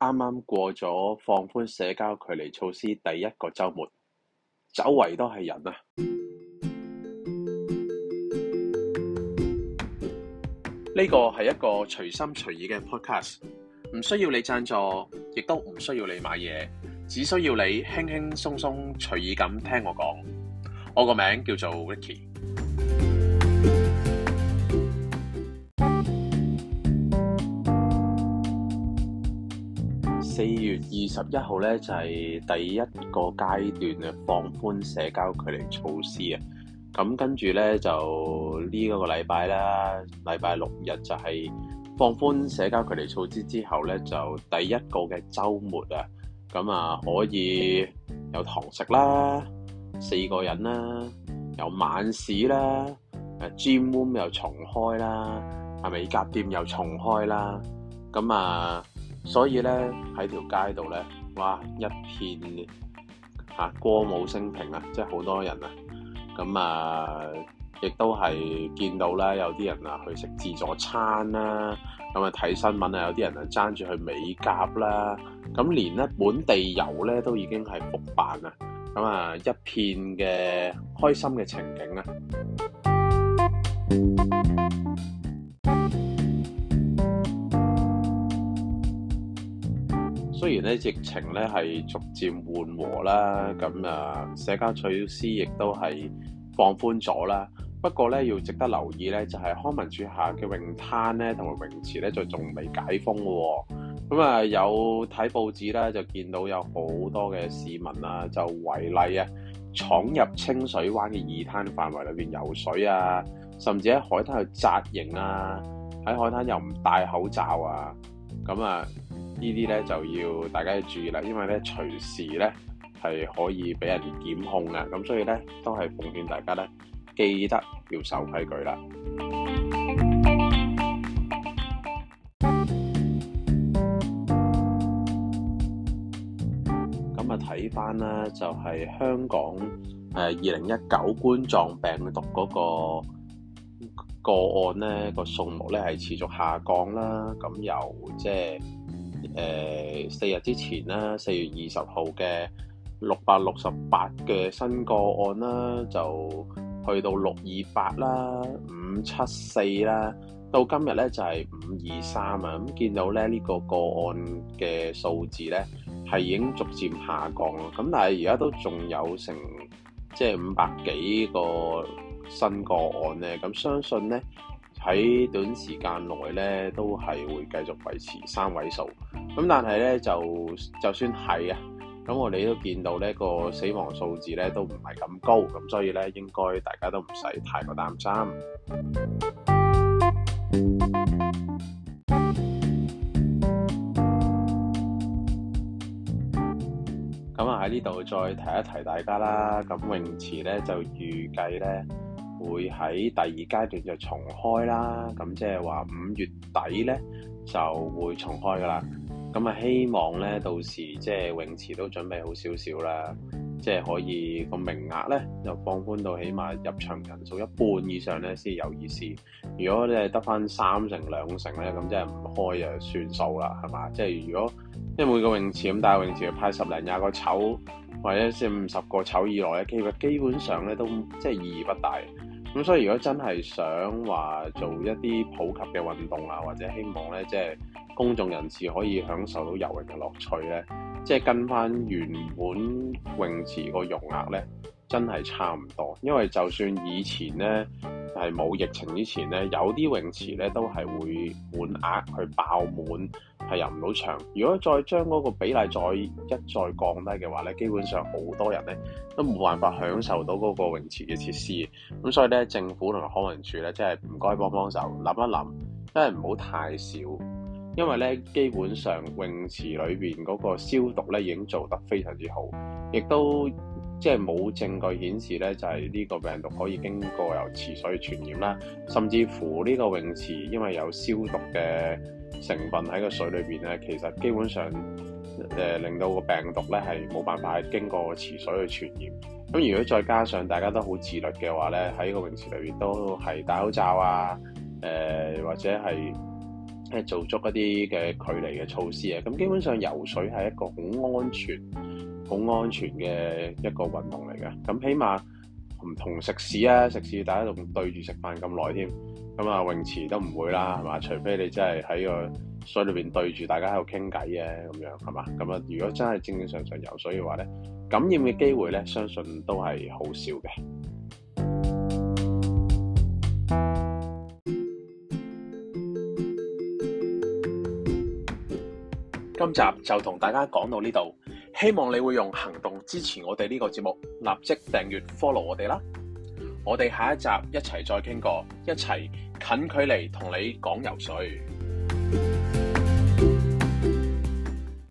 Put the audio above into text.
啱啱過咗放寬社交距離措施第一個周末，周圍都係人啊！呢、呢個係一個隨心隨意嘅 podcast，唔需要你贊助，亦都唔需要你買嘢，只需要你輕輕鬆鬆隨意咁聽我講。我個名叫做 Ricky。四月二十一號咧就係第一個階段嘅放寬社交距離措施啊，咁跟住咧就呢一個禮拜啦，禮拜六日就係放寬社交距離措施之後咧，就第一個嘅周末啊，咁啊可以有堂食啦，四個人啦，有晚市啦，誒，gym room 又重開啦，美甲店又重開啦，咁啊。所以咧喺條街度咧，哇，一片啊歌舞升平啊，即係好多人啊，咁啊亦都係見到咧有啲人啊去食自助餐啦，咁啊睇新聞啊有啲人啊爭住去美甲啦，咁連咧本地遊咧都已經係復辦啊，咁啊一片嘅開心嘅情景啊！雖然咧疫情咧係逐漸緩和啦，咁啊社交措施亦都係放寬咗啦。不過咧要值得留意咧，就係康文署下嘅泳灘咧同埋泳池咧，就仲未解封喎。咁啊有睇報紙啦，就見到有好多嘅市民啊，就違例啊，闖入清水灣嘅二灘範圍裏邊游水啊，甚至喺海灘去紮營啊，喺海灘又唔戴口罩啊，咁啊～呢啲咧就要大家要注意啦，因為咧隨時咧係可以俾人檢控啊，咁所以咧都係奉勸大家咧記得要守規矩啦。咁啊，睇翻咧就係香港誒二零一九冠狀病毒嗰個個案咧個數目咧係持續下降啦，咁又即係。誒、呃，四日之前咧，四月二十號嘅六百六十八嘅新個案啦，就去到六二八啦，五七四啦，到今日咧就係五二三啊，咁見到咧呢個個案嘅數字咧係已經逐漸下降啦，咁但係而家都仲有成即係五百幾個新個案咧，咁相信咧喺短時間內咧都係會繼續維持三位數。咁但係咧就就算係啊，咁我哋都見到呢個死亡數字咧都唔係咁高，咁所以咧應該大家都唔使太過擔心。咁啊喺呢度再提一提大家啦，咁泳池咧就預計咧會喺第二階段就重開啦，咁即係話五月底咧就會重開噶啦。咁啊，希望咧到時即係泳池都準備好少少啦，即係可以個名額咧又放寬到起碼入場人數一半以上咧先有意思。如果你係得翻三成兩成咧，咁即係唔開就算數啦，係嘛？即係如果即係每個泳池咁大泳池派十零廿個籌，或者先五十個籌以內咧，基本基本上咧都即係意義不大。咁所以如果真係想話做一啲普及嘅運動啊，或者希望咧即係。公眾人士可以享受到游泳嘅樂趣咧，即係跟翻原本泳池個容額咧，真係差唔多。因為就算以前咧係冇疫情之前咧，有啲泳池咧都係會滿額去爆滿，係入唔到場。如果再將嗰個比例再一再降低嘅話咧，基本上好多人咧都冇辦法享受到嗰個泳池嘅設施。咁所以咧，政府同埋康文署咧，真係唔該幫幫手，諗一諗，真係唔好太少。因為咧，基本上泳池裏邊嗰個消毒咧已經做得非常之好，亦都即係冇證據顯示咧，就係呢個病毒可以經過由池水傳染啦。甚至乎呢個泳池，因為有消毒嘅成分喺個水裏邊咧，其實基本上誒令到個病毒咧係冇辦法係經過池水去傳染。咁如果再加上大家都好自律嘅話咧，喺個泳池裏邊都係戴口罩啊，誒、呃、或者係。誒做足一啲嘅距離嘅措施啊，咁基本上游水係一個好安全、好安全嘅一個運動嚟嘅。咁起碼唔同食肆啊，食肆大家仲對住食飯咁耐添。咁啊，泳池都唔會啦，係嘛？除非你真係喺個水裏邊對住大家喺度傾偈啊，咁樣係嘛？咁啊，如果真係正正常常游水嘅話咧，感染嘅機會咧，相信都係好少嘅。今集就同大家講到呢度，希望你會用行動支持我哋呢個節目，立即訂閱 Follow 我哋啦！我哋下一集一齊再傾過，一齊近距離同你講游水。